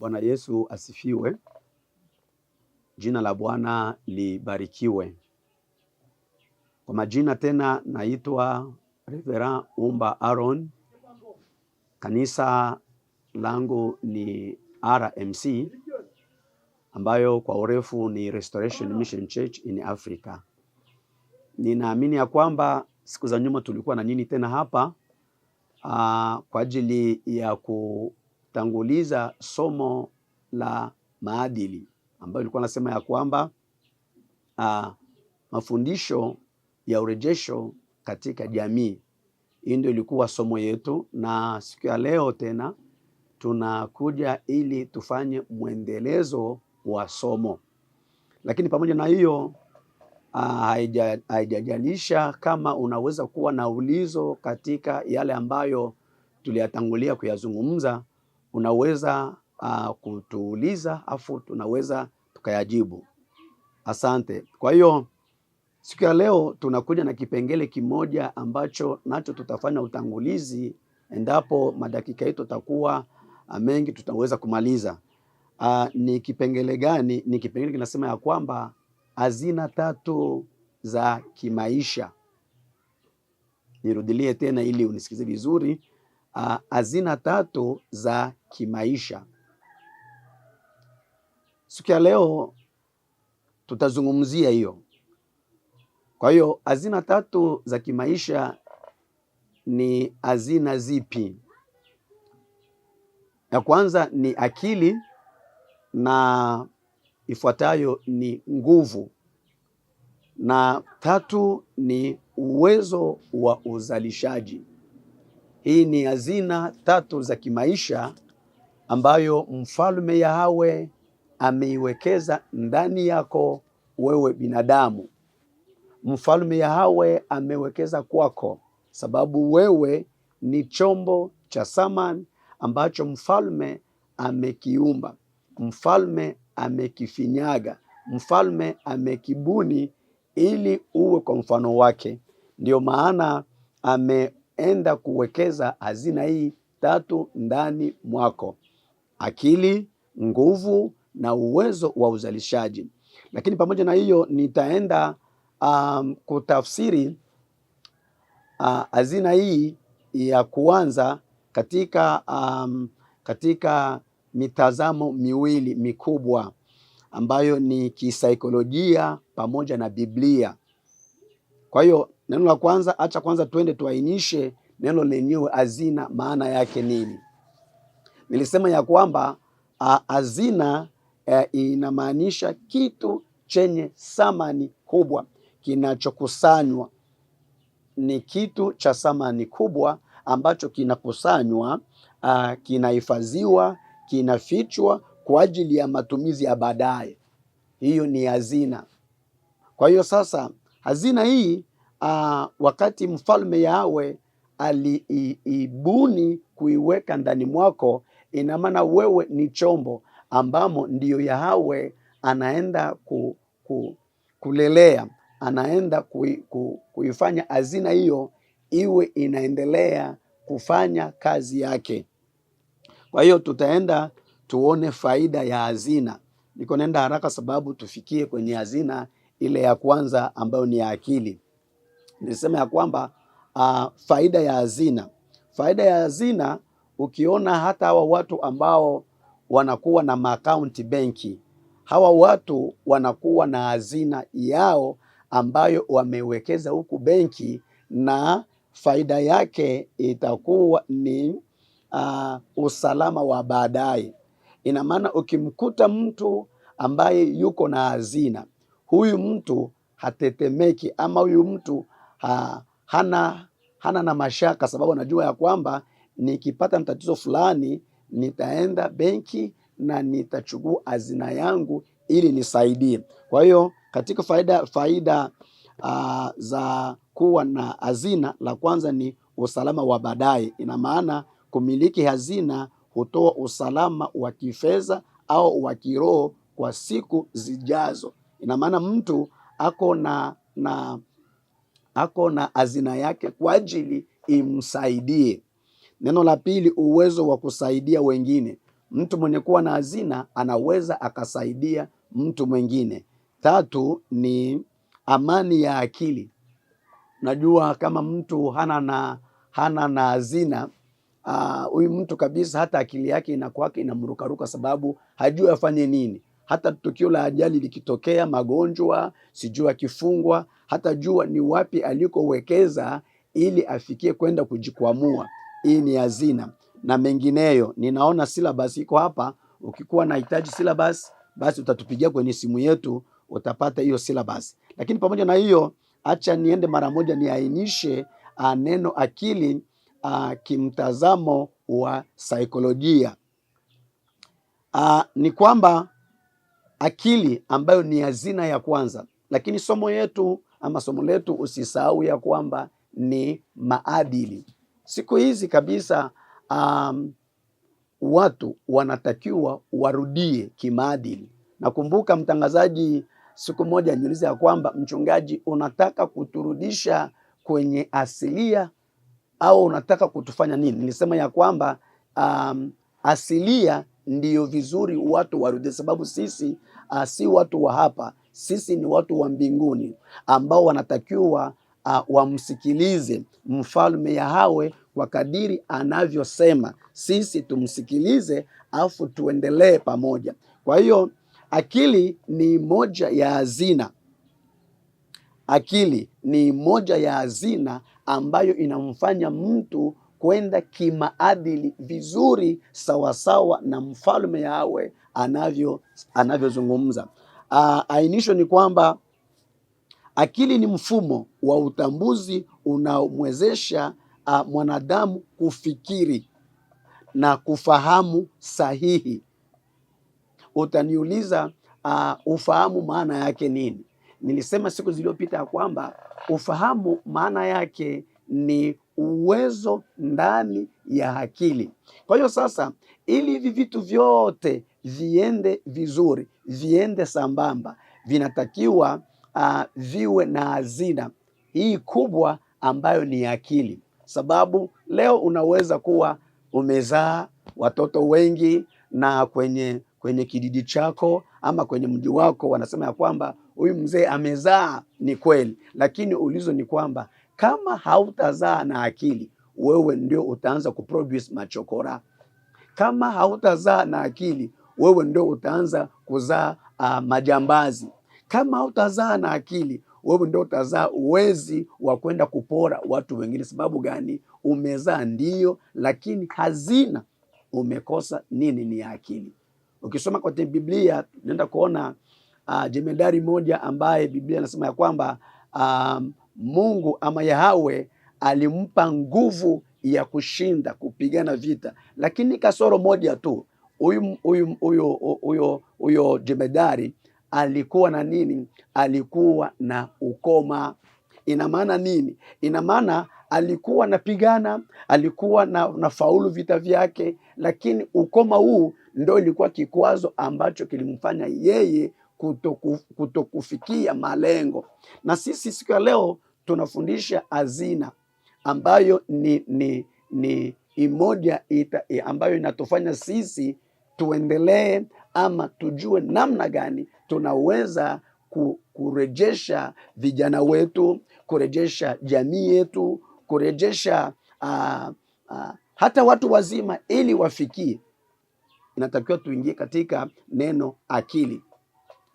Bwana Yesu asifiwe. Jina la Bwana libarikiwe. Kwa majina tena, naitwa Reverend Umba Aaron, kanisa langu ni RMC ambayo kwa urefu ni Restoration Mission Church in Africa. Ninaamini ya kwamba siku za nyuma tulikuwa na nini tena hapa aa, kwa ajili ya ku tanguliza somo la maadili ambayo ilikuwa nasema ya kwamba uh, mafundisho ya urejesho katika jamii. Hii ndio ilikuwa somo yetu, na siku ya leo tena tunakuja ili tufanye mwendelezo wa somo, lakini pamoja na hiyo ah, haijajalisha uh, kama unaweza kuwa na ulizo katika yale ambayo tuliyatangulia kuyazungumza unaweza uh, kutuuliza afu tunaweza tukayajibu. Asante. Kwa hiyo siku ya leo tunakuja na kipengele kimoja ambacho nacho tutafanya utangulizi, endapo madakika yetu tutakuwa ah, mengi tutaweza kumaliza. Uh, ni kipengele gani? Ni kipengele kinasema ya kwamba hazina tatu za kimaisha. Nirudilie tena ili unisikize vizuri. Ah, hazina tatu za kimaisha. Siku ya leo tutazungumzia hiyo. Kwa hiyo hazina tatu za kimaisha ni hazina zipi? Ya kwanza ni akili, na ifuatayo ni nguvu, na tatu ni uwezo wa uzalishaji. Hii ni hazina tatu za kimaisha ambayo mfalme Yahawe ameiwekeza ndani yako wewe binadamu. Mfalme Yahawe amewekeza kwako, sababu wewe ni chombo cha samani ambacho mfalme amekiumba, mfalme amekifinyaga, mfalme amekibuni ili uwe kwa mfano wake. Ndiyo maana ame enda kuwekeza hazina hii tatu ndani mwako: akili, nguvu na uwezo wa uzalishaji. Lakini pamoja na hiyo nitaenda um, kutafsiri uh, hazina uh, hii ya kuanza katika, um, katika mitazamo miwili mikubwa ambayo ni kisaikolojia pamoja na Biblia. Kwa hiyo Neno la kwanza, acha kwanza twende tuainishe neno lenyewe hazina maana yake nini. Nilisema ya kwamba hazina e, inamaanisha kitu chenye thamani kubwa, kinachokusanywa ni kitu cha thamani kubwa ambacho kinakusanywa, kinahifadhiwa, kinafichwa kwa ajili ya matumizi ya baadaye. Hiyo ni hazina. Kwa hiyo sasa hazina hii uh, wakati mfalme Yawe aliibuni kuiweka ndani mwako, ina maana wewe ni chombo ambamo ndiyo Yawe anaenda ku, ku, kulelea, anaenda kui, ku, kuifanya hazina hiyo iwe inaendelea kufanya kazi yake. Kwa hiyo tutaenda tuone faida ya hazina. Niko nenda haraka sababu tufikie kwenye hazina ile ya kwanza ambayo ni ya akili nilisema ya kwamba uh, faida ya hazina, faida ya hazina. Ukiona hata hawa watu ambao wanakuwa na makaunti benki, hawa watu wanakuwa na hazina yao ambayo wamewekeza huku benki, na faida yake itakuwa ni uh, usalama wa baadaye. Ina maana ukimkuta mtu ambaye yuko na hazina, huyu mtu hatetemeki ama huyu mtu ha, hana, hana na mashaka, sababu anajua ya kwamba nikipata na tatizo fulani nitaenda benki na nitachukua hazina yangu ili nisaidie. Kwa hiyo katika faida, faida uh, za kuwa na hazina, la kwanza ni usalama wa baadaye. Ina maana kumiliki hazina hutoa usalama wa kifedha au wa kiroho kwa siku zijazo. Ina maana mtu ako na na ako na hazina yake kwa ajili imsaidie. Neno la pili, uwezo wa kusaidia wengine. Mtu mwenye kuwa na hazina anaweza akasaidia mtu mwingine. Tatu ni amani ya akili. Najua kama mtu hana na hana na hazina ah, huyu uh, mtu kabisa, hata akili yake inakuwake inamrukaruka, sababu hajui afanye nini. Hata tukio la ajali likitokea, magonjwa, sijui akifungwa hata jua ni wapi alikowekeza ili afikie kwenda kujikwamua. Hii ni hazina na mengineyo. Ninaona syllabus iko hapa. Ukikuwa nahitaji syllabus, basi utatupigia kwenye simu yetu, utapata hiyo syllabus. Lakini pamoja na hiyo, acha niende mara moja niainishe ah, neno akili a, ah, kimtazamo wa saikolojia a, ah, ni kwamba akili ambayo ni hazina ya kwanza, lakini somo yetu ama somo letu, usisahau ya kwamba ni maadili. Siku hizi kabisa, um, watu wanatakiwa warudie kimaadili. Nakumbuka mtangazaji siku moja niuliza ya kwamba mchungaji, unataka kuturudisha kwenye asilia au unataka kutufanya nini? Nilisema ya kwamba um, asilia ndiyo vizuri watu warudie, sababu sisi uh, si watu wa hapa sisi ni watu wa mbinguni ambao wanatakiwa uh, wamsikilize mfalme Yahawe kwa kadiri anavyosema, sisi tumsikilize, afu tuendelee pamoja. Kwa hiyo akili ni moja ya hazina, akili ni moja ya hazina ambayo inamfanya mtu kwenda kimaadili vizuri sawasawa na mfalme Yahawe anavyo anavyozungumza. Ah, ainisho ni kwamba akili ni mfumo wa utambuzi unaomwezesha ah, mwanadamu kufikiri na kufahamu sahihi. Utaniuliza uh, ufahamu maana yake nini? Nilisema siku zilizopita ya kwamba ufahamu maana yake ni uwezo ndani ya akili. Kwa hiyo sasa, ili hivi vitu vyote viende vizuri viende sambamba, vinatakiwa uh, viwe na hazina hii kubwa ambayo ni akili, sababu leo unaweza kuwa umezaa watoto wengi na kwenye kwenye kijiji chako ama kwenye mji wako wanasema ya kwamba huyu mzee amezaa. Ni kweli, lakini ulizo ni kwamba kama hautazaa na akili, wewe ndio utaanza kuproduce machokora. Kama hautazaa na akili, wewe ndio utaanza kuzaa uh, majambazi. Kama utazaa na akili, wewe ndio utazaa uwezi wa kwenda kupora watu wengine. Sababu gani? Umezaa ndio lakini hazina umekosa. Nini? Ni akili. Ukisoma kwenye Biblia unaenda kuona uh, jemedari moja ambaye Biblia anasema ya kwamba uh, Mungu ama Yahawe alimpa nguvu ya kushinda kupigana vita, lakini kasoro moja tu huyu huyu huyo huyo huyo jemedari alikuwa na nini? Alikuwa na ukoma. Ina maana nini? Ina maana alikuwa anapigana, alikuwa na, na faulu vita vyake, lakini ukoma huu ndo ilikuwa kikwazo ambacho kilimfanya yeye kutokufikia malengo. Na sisi siku ya leo tunafundisha hazina ambayo ni, ni, ni imoja ita, ambayo inatufanya sisi tuendelee ama tujue namna gani tunaweza kurejesha vijana wetu, kurejesha jamii yetu, kurejesha uh, uh, hata watu wazima, ili wafikie, inatakiwa tuingie katika neno akili.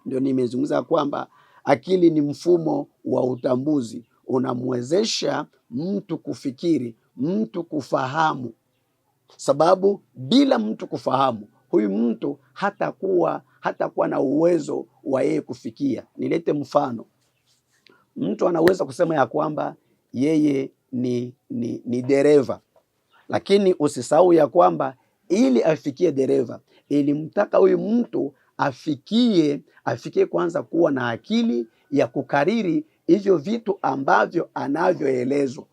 Ndio nimezungumza kwamba akili ni mfumo wa utambuzi unamwezesha mtu kufikiri, mtu kufahamu, sababu bila mtu kufahamu huyu mtu hatakuwa hatakuwa na uwezo wa yeye kufikia. Nilete mfano, mtu anaweza kusema ya kwamba yeye ni, ni, ni dereva, lakini usisahau ya kwamba ili afikie dereva ilimtaka huyu mtu afikie afikie kwanza kuwa na akili ya kukariri hivyo vitu ambavyo anavyoelezwa.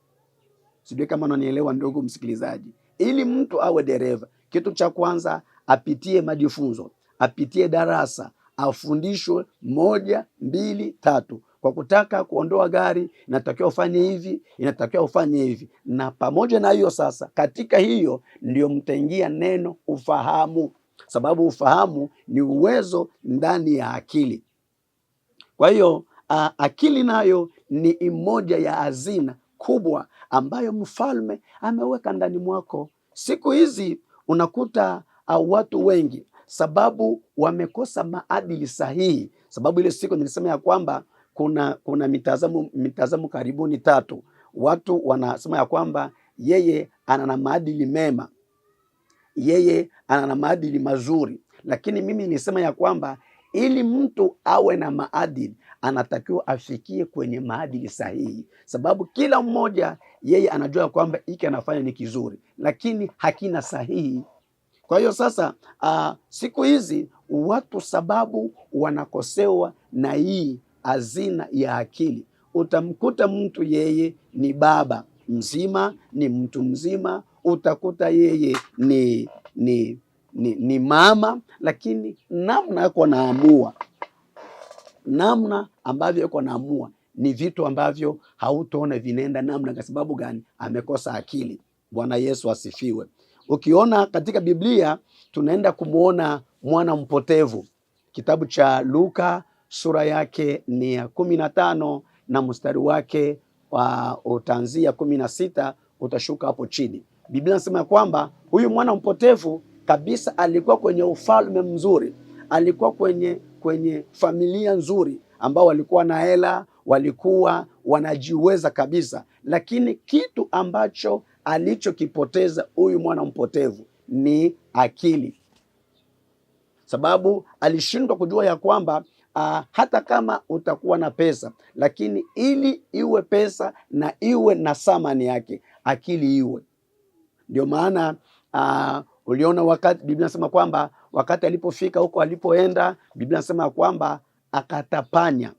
Sijui kama unanielewa ndugu msikilizaji. Ili mtu awe dereva, kitu cha kwanza apitie majifunzo, apitie darasa, afundishwe moja, mbili, tatu. Kwa kutaka kuondoa gari inatakiwa ufanye hivi, inatakiwa ufanye hivi. Na pamoja na hiyo sasa, katika hiyo ndio mtaingia neno ufahamu, sababu ufahamu ni uwezo ndani ya akili. Kwa hiyo akili nayo ni moja ya hazina kubwa ambayo mfalme ameweka ndani mwako. Siku hizi unakuta au watu wengi, sababu wamekosa maadili sahihi. Sababu ile siku nilisema ya kwamba kuna kuna mitazamo mitazamo karibuni tatu. Watu wanasema ya kwamba yeye ana na maadili mema, yeye ana na maadili mazuri, lakini mimi nilisema ya kwamba ili mtu awe na maadili anatakiwa afikie kwenye maadili sahihi, sababu kila mmoja yeye anajua kwamba hiki anafanya ni kizuri, lakini hakina sahihi kwa hiyo sasa, uh, siku hizi watu sababu wanakosewa na hii hazina ya akili. Utamkuta mtu yeye ni baba mzima, ni mtu mzima, utakuta yeye ni ni ni, ni mama, lakini namna yako naamua, namna ambavyo yako naamua ni vitu ambavyo hautoona vinaenda namna. Kwa sababu gani? Amekosa akili. Bwana Yesu asifiwe. Ukiona katika Biblia tunaenda kumwona mwana mpotevu, kitabu cha Luka sura yake ni ya kumi na tano na mstari wake wa utaanzia kumi na sita utashuka hapo chini. Biblia inasema ya kwamba huyu mwana mpotevu kabisa alikuwa kwenye ufalme mzuri, alikuwa kwenye kwenye familia nzuri ambao walikuwa na hela, walikuwa wanajiweza kabisa, lakini kitu ambacho alichokipoteza huyu mwana mpotevu ni akili, sababu alishindwa kujua ya kwamba Uh, hata kama utakuwa na pesa lakini ili iwe pesa na iwe na thamani yake akili iwe. Ndio maana uh, uliona wakati Biblia nasema kwamba wakati alipofika huko alipoenda, Biblia nasema kwamba akatapanya,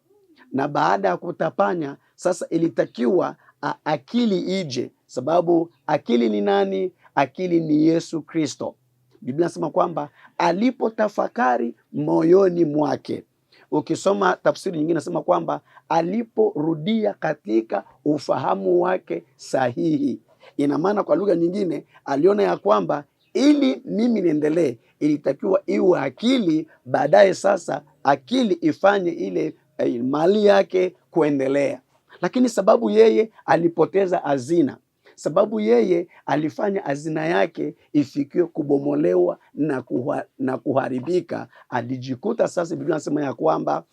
na baada ya kutapanya sasa ilitakiwa uh, akili ije sababu akili ni nani? Akili ni Yesu Kristo. Biblia nasema kwamba alipotafakari moyoni mwake. Ukisoma tafsiri nyingine nasema kwamba aliporudia katika ufahamu wake sahihi. Ina maana kwa lugha nyingine, aliona ya kwamba ili mimi niendelee, ilitakiwa iwe akili, baadaye sasa akili ifanye ile eh, mali yake kuendelea, lakini sababu yeye alipoteza hazina sababu yeye alifanya hazina yake ifikiwe kubomolewa na, kuha, na kuharibika. Alijikuta sasa, Biblia nasema ya kwamba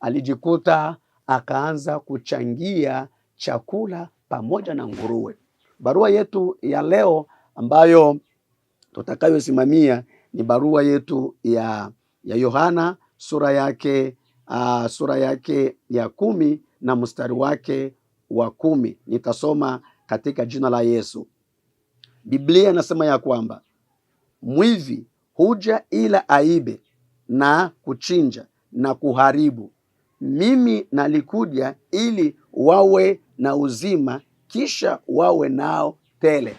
alijikuta akaanza kuchangia chakula pamoja na nguruwe. Barua yetu ya leo ambayo tutakayosimamia ni barua yetu ya ya Yohana sura yake uh, sura yake ya kumi na mstari wake wa kumi. Nitasoma katika jina la Yesu. Biblia inasema ya kwamba mwivi huja ila aibe na kuchinja na kuharibu. Mimi nalikuja ili wawe na uzima kisha wawe nao tele.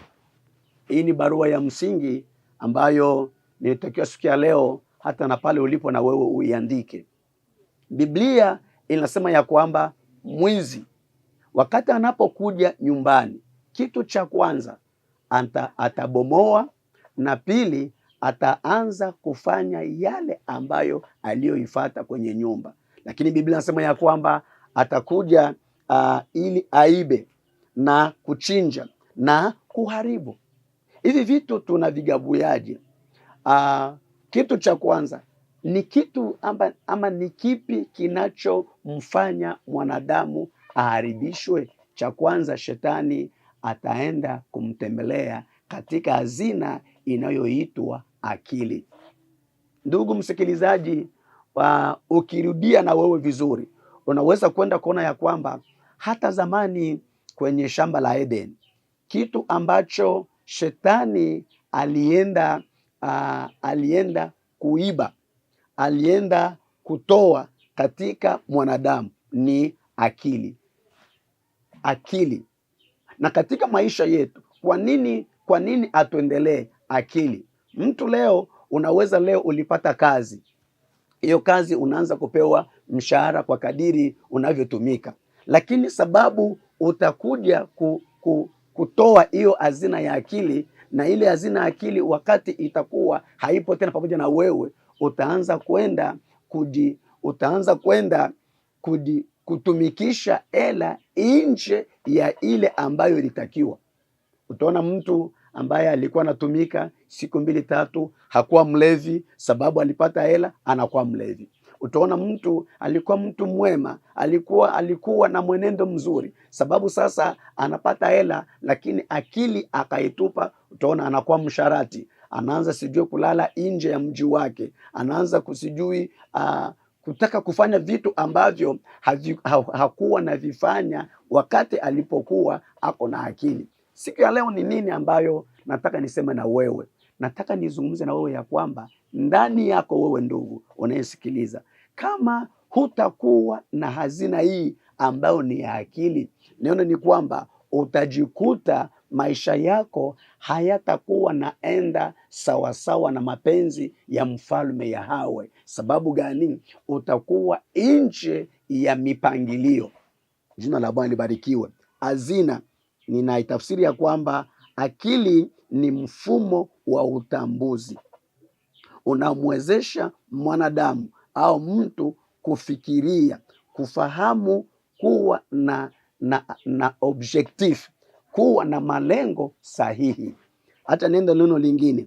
Hii ni barua ya msingi ambayo nilitakiwa siku ya leo, hata na pale ulipo na wewe uiandike. Biblia inasema ya kwamba mwizi Wakati anapokuja nyumbani, kitu cha kwanza ata, atabomoa na pili ataanza kufanya yale ambayo aliyoifata kwenye nyumba, lakini Biblia inasema ya kwamba atakuja uh, ili aibe na kuchinja na kuharibu. Hivi vitu tunavigabuyaje? Uh, kitu cha kwanza ni kitu ama, ama ni kipi kinachomfanya mwanadamu aharibishwe, cha kwanza shetani ataenda kumtembelea katika hazina inayoitwa akili. Ndugu msikilizaji, uh, ukirudia na wewe vizuri, unaweza kwenda kuona ya kwamba hata zamani kwenye shamba la Eden kitu ambacho shetani alienda uh, alienda kuiba, alienda kutoa katika mwanadamu ni akili akili. Na katika maisha yetu, kwa nini kwa nini atuendelee akili? Mtu leo unaweza leo ulipata kazi, hiyo kazi unaanza kupewa mshahara kwa kadiri unavyotumika, lakini sababu utakuja ku, ku, kutoa hiyo hazina ya akili na ile hazina ya akili wakati itakuwa haipo tena pamoja na wewe, utaanza kwenda kuji utaanza kwenda kuji kutumikisha hela nje ya ile ambayo ilitakiwa. Utaona mtu ambaye alikuwa anatumika siku mbili tatu, hakuwa mlevi sababu alipata hela, anakuwa mlevi. Utaona mtu alikuwa mtu mwema, alikuwa alikuwa na mwenendo mzuri, sababu sasa anapata hela, lakini akili akaitupa, utaona anakuwa msharati, anaanza sijui kulala nje ya mji wake, anaanza kusijui uh, kutaka kufanya vitu ambavyo hazi, ha, hakuwa na vifanya wakati alipokuwa ako na akili. Siku ya leo ni nini ambayo nataka niseme na wewe? Nataka nizungumze na wewe ya kwamba ndani yako wewe, ndugu unayesikiliza, kama hutakuwa na hazina hii ambayo ni ya akili, niona ni kwamba utajikuta maisha yako hayatakuwa naenda sawasawa na mapenzi ya mfalme ya hawe. Sababu gani? Utakuwa nje ya mipangilio. Jina la Bwana libarikiwe. Hazina ninaitafsiri ya kwamba akili ni mfumo wa utambuzi unamwezesha mwanadamu au mtu kufikiria, kufahamu, kuwa na na, na objective kuwa na malengo sahihi. Hata nenda neno lingine,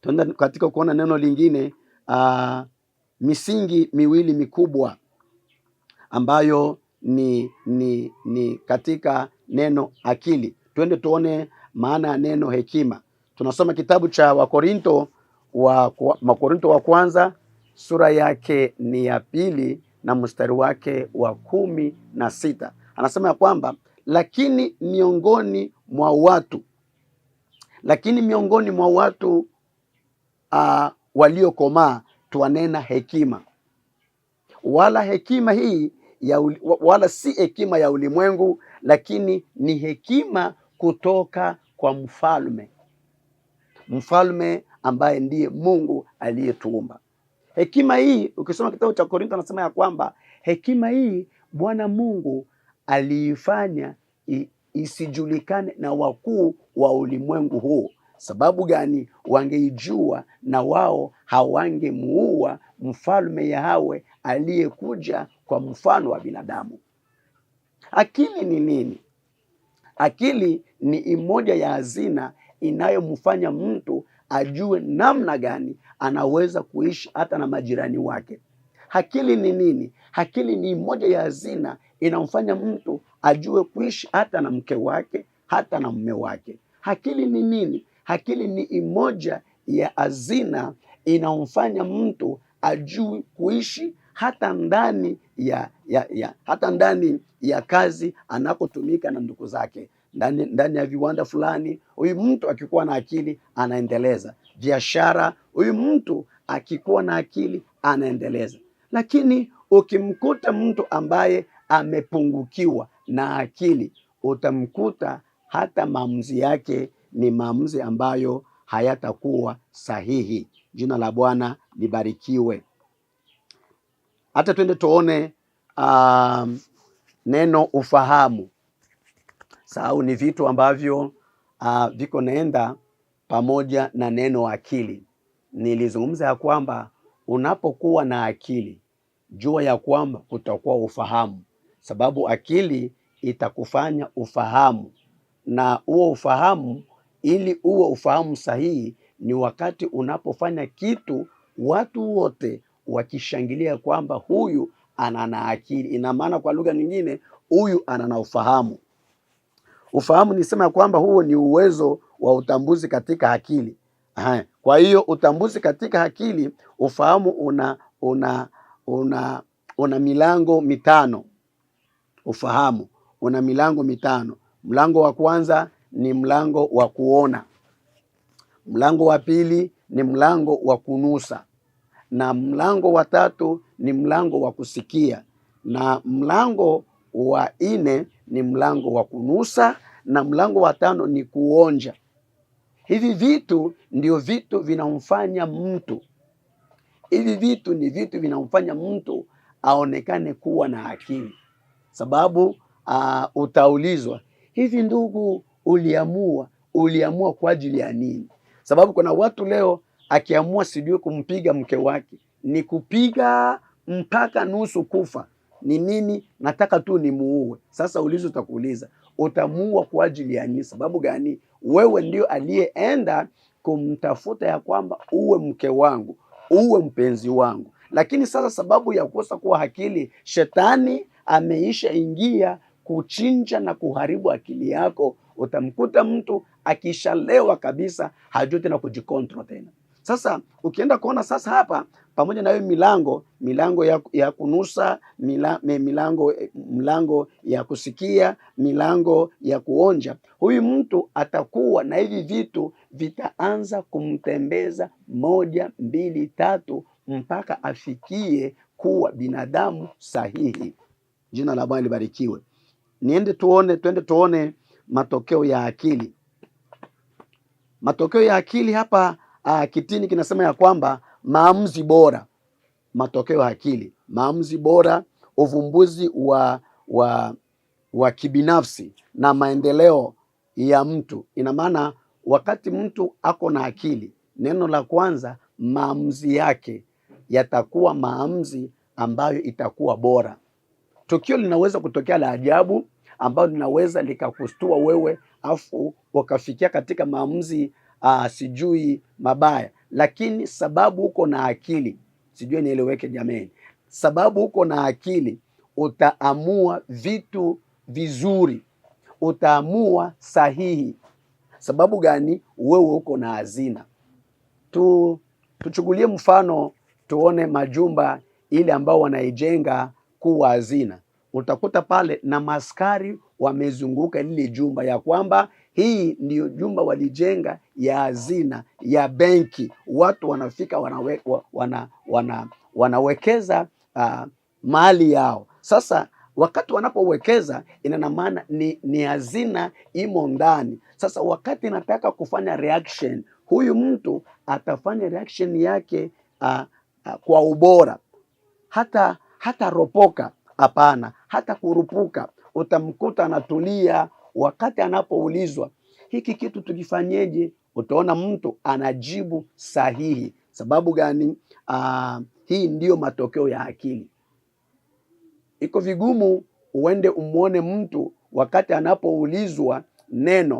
tuenda katika kuona neno lingine uh, misingi miwili mikubwa ambayo ni, ni, ni katika neno akili. Twende tuone maana ya neno hekima. Tunasoma kitabu cha Wakorinto wa Makorinto wa kwanza sura yake ni ya pili na mstari wake wa kumi na sita anasema ya kwamba lakini miongoni mwa watu lakini miongoni mwa watu uh, waliokomaa twanena hekima, wala hekima hii ya uli, wala si hekima ya ulimwengu, lakini ni hekima kutoka kwa mfalme, mfalme ambaye ndiye Mungu aliyetuumba. Hekima hii ukisoma kitabu cha Korintho anasema ya kwamba hekima hii Bwana Mungu aliifanya isijulikane na wakuu wa ulimwengu huu. Sababu gani? Wangeijua na wao hawangemuua mfalme Yahawe aliyekuja kwa mfano wa binadamu. Akili ni nini? Akili ni imoja ya hazina inayomfanya mtu ajue namna gani anaweza kuishi hata na majirani wake. Akili ni nini? Akili ni moja ya hazina inamfanya mtu ajue kuishi hata na mke wake, hata na mume wake. Akili ni nini? Akili ni imoja ya hazina inamfanya mtu ajue kuishi hata ndani ya, ya, ya, hata ndani ya kazi anakotumika na ndugu zake ndani, ndani ya viwanda fulani. Huyu mtu akikuwa na akili anaendeleza biashara. Huyu mtu akikuwa na akili anaendeleza lakini ukimkuta mtu ambaye amepungukiwa na akili, utamkuta hata maamuzi yake ni maamuzi ambayo hayatakuwa sahihi. Jina la Bwana libarikiwe. Hata twende tuone um, neno ufahamu. Sahau ni vitu ambavyo uh, viko naenda pamoja na neno akili. Nilizungumza ya kwamba Unapokuwa na akili, jua ya kwamba utakuwa ufahamu, sababu akili itakufanya ufahamu, na huo ufahamu, ili uwe ufahamu sahihi, ni wakati unapofanya kitu watu wote wakishangilia kwamba huyu anana akili. Ina maana kwa lugha nyingine, huyu anana ufahamu. Ufahamu nisema ya kwamba huo ni uwezo wa utambuzi katika akili. Haya, kwa hiyo utambuzi katika akili, ufahamu una una una una milango mitano. Ufahamu una milango mitano. Mlango wa kwanza ni mlango wa kuona, mlango wa pili ni mlango wa kunusa, na mlango wa tatu ni mlango wa kusikia, na mlango wa nne ni mlango wa kunusa, na mlango wa tano ni kuonja. Hivi vitu ndio vitu vinamfanya mtu, hivi vitu ni vitu vinamfanya mtu aonekane kuwa na akili, sababu uh, utaulizwa hivi, ndugu, uliamua uliamua kwa ajili ya nini? Sababu kuna watu leo akiamua sijui kumpiga mke wake ni kupiga mpaka nusu kufa. Ni nini? Nataka tu nimuue. Sasa ulizo utakuuliza utamuua kwa ajili ya nini? Sababu gani? wewe ndio aliyeenda kumtafuta ya kwamba uwe mke wangu, uwe mpenzi wangu. Lakini sasa sababu ya kukosa kuwa akili, shetani ameisha ingia kuchinja na kuharibu akili yako. Utamkuta mtu akishalewa kabisa, hajui tena kujikontrol tena. Sasa ukienda kuona sasa hapa pamoja na hiyo milango, milango ya, ya kunusa mila, milango, eh, mlango ya kusikia, milango ya kuonja. Huyu mtu atakuwa na hivi vitu vitaanza kumtembeza moja, mbili, tatu mpaka afikie kuwa binadamu sahihi. Jina la Bwana libarikiwe. Niende tuone, twende tuone matokeo ya akili. Matokeo ya akili hapa a, ah, kitini kinasema ya kwamba maamuzi bora, matokeo ya akili, maamuzi bora, uvumbuzi wa wa wa kibinafsi na maendeleo ya mtu. Ina maana wakati mtu ako na akili, neno la kwanza, maamuzi yake yatakuwa maamuzi ambayo itakuwa bora. Tukio linaweza kutokea la ajabu ambayo linaweza likakustua wewe, afu ukafikia katika maamuzi uh, sijui mabaya, lakini sababu uko na akili, sijue nieleweke jameni sababu uko na akili utaamua vitu vizuri, utaamua sahihi. Sababu gani? Wewe uko na hazina tu. Tuchukulie mfano tuone majumba ile ambao wanaijenga kuwa hazina, utakuta pale na maskari wamezunguka lile jumba ya kwamba hii ndiyo jumba walijenga ya hazina ya benki. Watu wanafika wanawe, wana, wana, wanawekeza uh, mali yao. Sasa wakati wanapowekeza inana maana ni, ni hazina imo ndani. Sasa wakati nataka kufanya reaction, huyu mtu atafanya reaction yake uh, uh, kwa ubora, hata hata ropoka hapana, hata kurupuka. Utamkuta anatulia wakati anapoulizwa hiki kitu tukifanyeje, utaona mtu anajibu sahihi. Sababu gani? Uh, hii ndiyo matokeo ya akili. Iko vigumu uende umwone mtu wakati anapoulizwa neno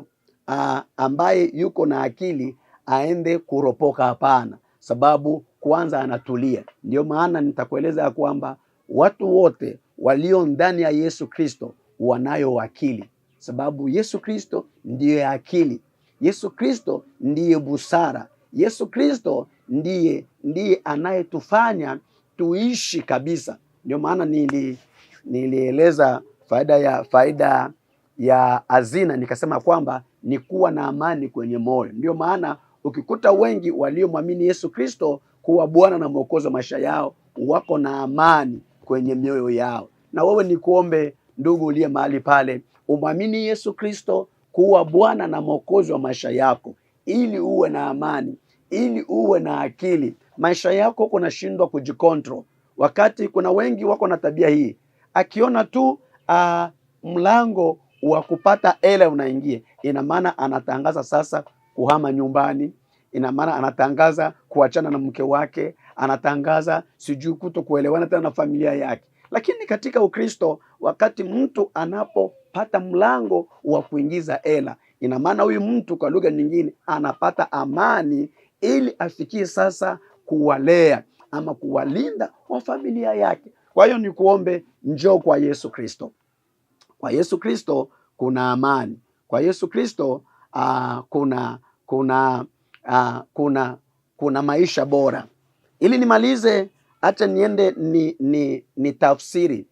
uh, ambaye yuko na akili aende kuropoka. Hapana, sababu kwanza anatulia. ndio maana nitakueleza ya kwamba watu wote walio ndani ya Yesu Kristo wanayo akili sababu Yesu Kristo ndiye akili, Yesu Kristo ndiye busara, Yesu Kristo ndiye ndiye anayetufanya tuishi kabisa. Ndio maana nili nilieleza faida ya faida ya hazina nikasema kwamba ni kuwa na amani kwenye moyo. Ndio maana ukikuta wengi waliomwamini Yesu Kristo kuwa Bwana na Mwokozi wa maisha yao wako na amani kwenye mioyo yao. Na wewe nikuombe ndugu uliye mahali pale, umwamini Yesu Kristo kuwa Bwana na Mwokozi wa maisha yako, ili uwe na amani, ili uwe na akili. Maisha yako kunashindwa kujikontrol, wakati kuna wengi wako na tabia hii, akiona tu uh, mlango wa kupata hela unaingia, ina maana anatangaza sasa kuhama nyumbani, ina maana anatangaza kuachana na mke wake, anatangaza sijui kuto kuelewana tena na familia yake. Lakini katika Ukristo, wakati mtu anapopata mlango wa kuingiza hela, ina maana huyu mtu kwa lugha nyingine anapata amani, ili afikie sasa kuwalea ama kuwalinda wa familia yake. Kwa hiyo ni kuombe, njoo kwa Yesu Kristo. Kwa Yesu Kristo kuna amani. Kwa Yesu Kristo uh, kuna kuna, uh, kuna kuna maisha bora. Ili nimalize acha niende ni, ni, ni tafsiri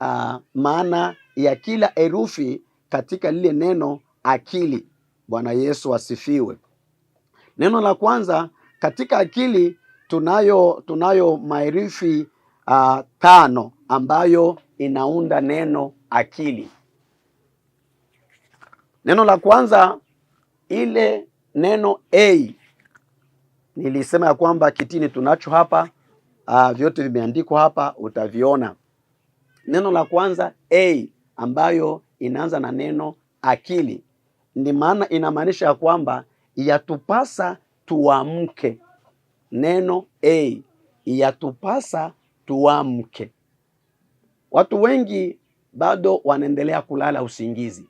uh, maana ya kila herufi katika lile neno akili. Bwana Yesu asifiwe. Neno la kwanza katika akili tunayo tunayo maherufi uh, tano ambayo inaunda neno akili. Neno la kwanza ile neno a, nilisema ya kwamba kitini tunacho hapa uh, vyote vimeandikwa hapa, utaviona. Neno la kwanza A ambayo inaanza na neno akili, ndi maana inamaanisha ya kwamba yatupasa tuamke. Neno A yatupasa tuamke. Watu wengi bado wanaendelea kulala usingizi.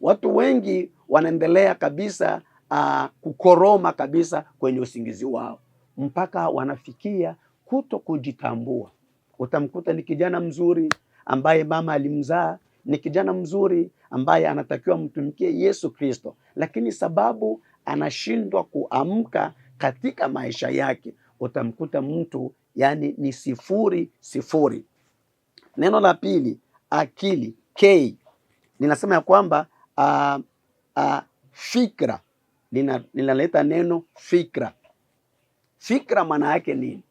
Watu wengi wanaendelea kabisa uh, kukoroma kabisa kwenye usingizi wao mpaka wanafikia kuto kujitambua. Utamkuta ni kijana mzuri ambaye mama alimzaa, ni kijana mzuri ambaye anatakiwa mtumikie Yesu Kristo, lakini sababu anashindwa kuamka katika maisha yake, utamkuta mtu yani ni sifuri sifuri. Neno la pili akili K linasema ya kwamba a, a, fikra linaleta neno fikra. Fikra maana yake nini?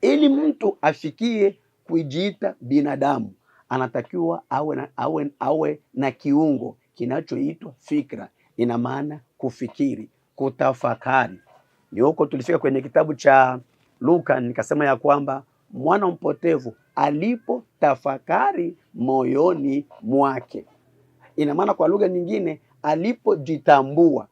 Ili mtu afikie kujiita binadamu, anatakiwa awe na, awe, awe na kiungo kinachoitwa fikra, ina maana kufikiri, kutafakari. Ni huko tulifika kwenye kitabu cha Luka nikasema ya kwamba mwana mpotevu alipotafakari moyoni mwake, ina maana kwa lugha nyingine alipojitambua.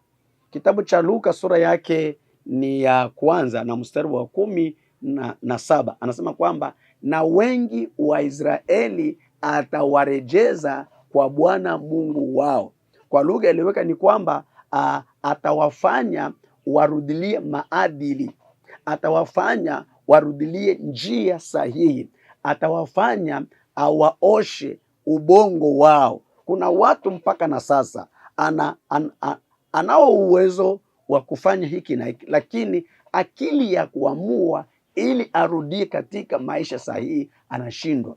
Kitabu cha Luka sura yake ni ya kwanza na mstari wa kumi na, na saba anasema kwamba na wengi wa Israeli atawarejeza kwa Bwana Mungu wao. Kwa lugha iliweka ni kwamba atawafanya warudilie maadili, atawafanya warudilie njia sahihi, atawafanya awaoshe ubongo wao. Kuna watu mpaka na sasa ana, an, an, anao uwezo wa kufanya hiki na hiki, lakini akili ya kuamua ili arudie katika maisha sahihi, anashindwa.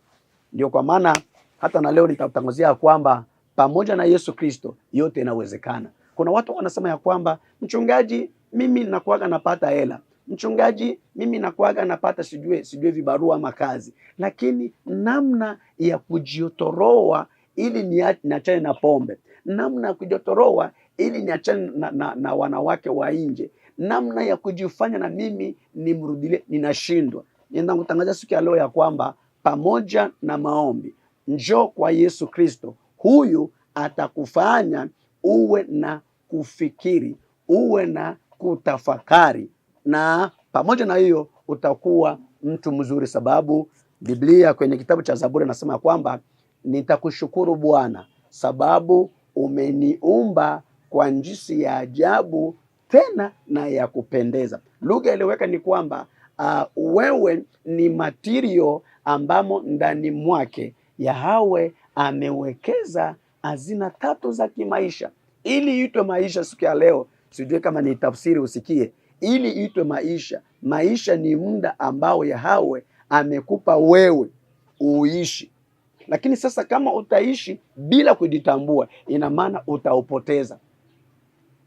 Ndio kwa maana hata na leo nitatangazia kwamba pamoja na Yesu Kristo yote inawezekana. Kuna watu wanasema ya kwamba mchungaji, mimi nakuaga napata hela mchungaji mimi nakuaga napata sijue sijue vibarua ama kazi, lakini namna ya kujitoroa ili niachane na pombe, namna ya kujitoroa ili niachane na, na, na wanawake wa nje, namna ya kujifanya na mimi nimrudilie, ninashindwa. kutangaza siku ya leo ya kwamba pamoja na maombi, njoo kwa Yesu Kristo, huyu atakufanya uwe na kufikiri, uwe na kutafakari, na pamoja na hiyo utakuwa mtu mzuri, sababu Biblia kwenye kitabu cha Zaburi anasema kwamba nitakushukuru Bwana, sababu umeniumba kwa jinsi ya ajabu tena na ya kupendeza. Lugha iliweka ni kwamba uh, wewe ni matirio ambamo ndani mwake Yahawe amewekeza hazina tatu za kimaisha ili itwe maisha siku ya leo. Sijui kama ni tafsiri usikie, ili itwe maisha. Maisha ni muda ambao Yahawe amekupa wewe uishi, lakini sasa kama utaishi bila kujitambua, ina maana utaupoteza,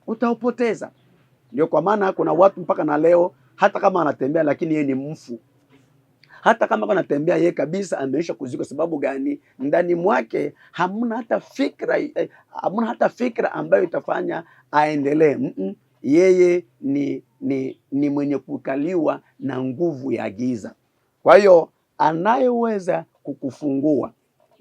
utaupoteza. Ndio kwa maana kuna watu mpaka na leo, hata kama anatembea lakini yeye ni mfu. Hata kama anatembea yeye kabisa ameisha kuzikwa. Sababu gani? Ndani mwake hamna hata fikra, eh, hamna hata fikra ambayo itafanya aendelee. mm -mm. Yeye ni, ni, ni mwenye kukaliwa na nguvu ya giza. Kwa hiyo anayeweza kukufungua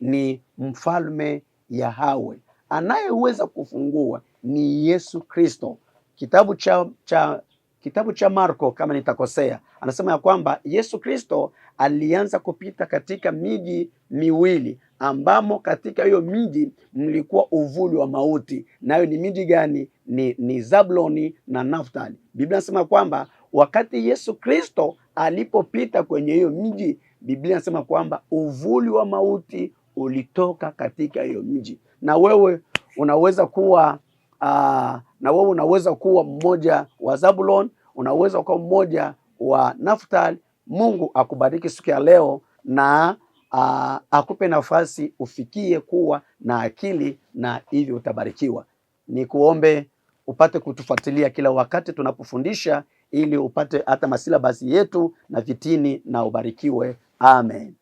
ni mfalme Yahawe, anayeweza kufungua ni Yesu Kristo kitabu cha, cha, kitabu cha Marko kama nitakosea, anasema ya kwamba Yesu Kristo alianza kupita katika miji miwili ambamo katika hiyo miji mlikuwa uvuli wa mauti. Nayo ni miji gani? Ni, ni Zabloni na Naftali. Biblia inasema kwamba wakati Yesu Kristo alipopita kwenye hiyo miji, Biblia inasema kwamba uvuli wa mauti ulitoka katika hiyo mji. Na wewe unaweza kuwa aa, ah, na wewe unaweza kuwa mmoja wa Zabulon, unaweza kuwa mmoja wa Naftali. Mungu akubariki siku ya leo na aa, ah, akupe nafasi ufikie kuwa na akili na hivyo utabarikiwa. Ni kuombe upate kutufuatilia kila wakati tunapofundisha, ili upate hata masilabasi yetu na vitini na ubarikiwe. Amen.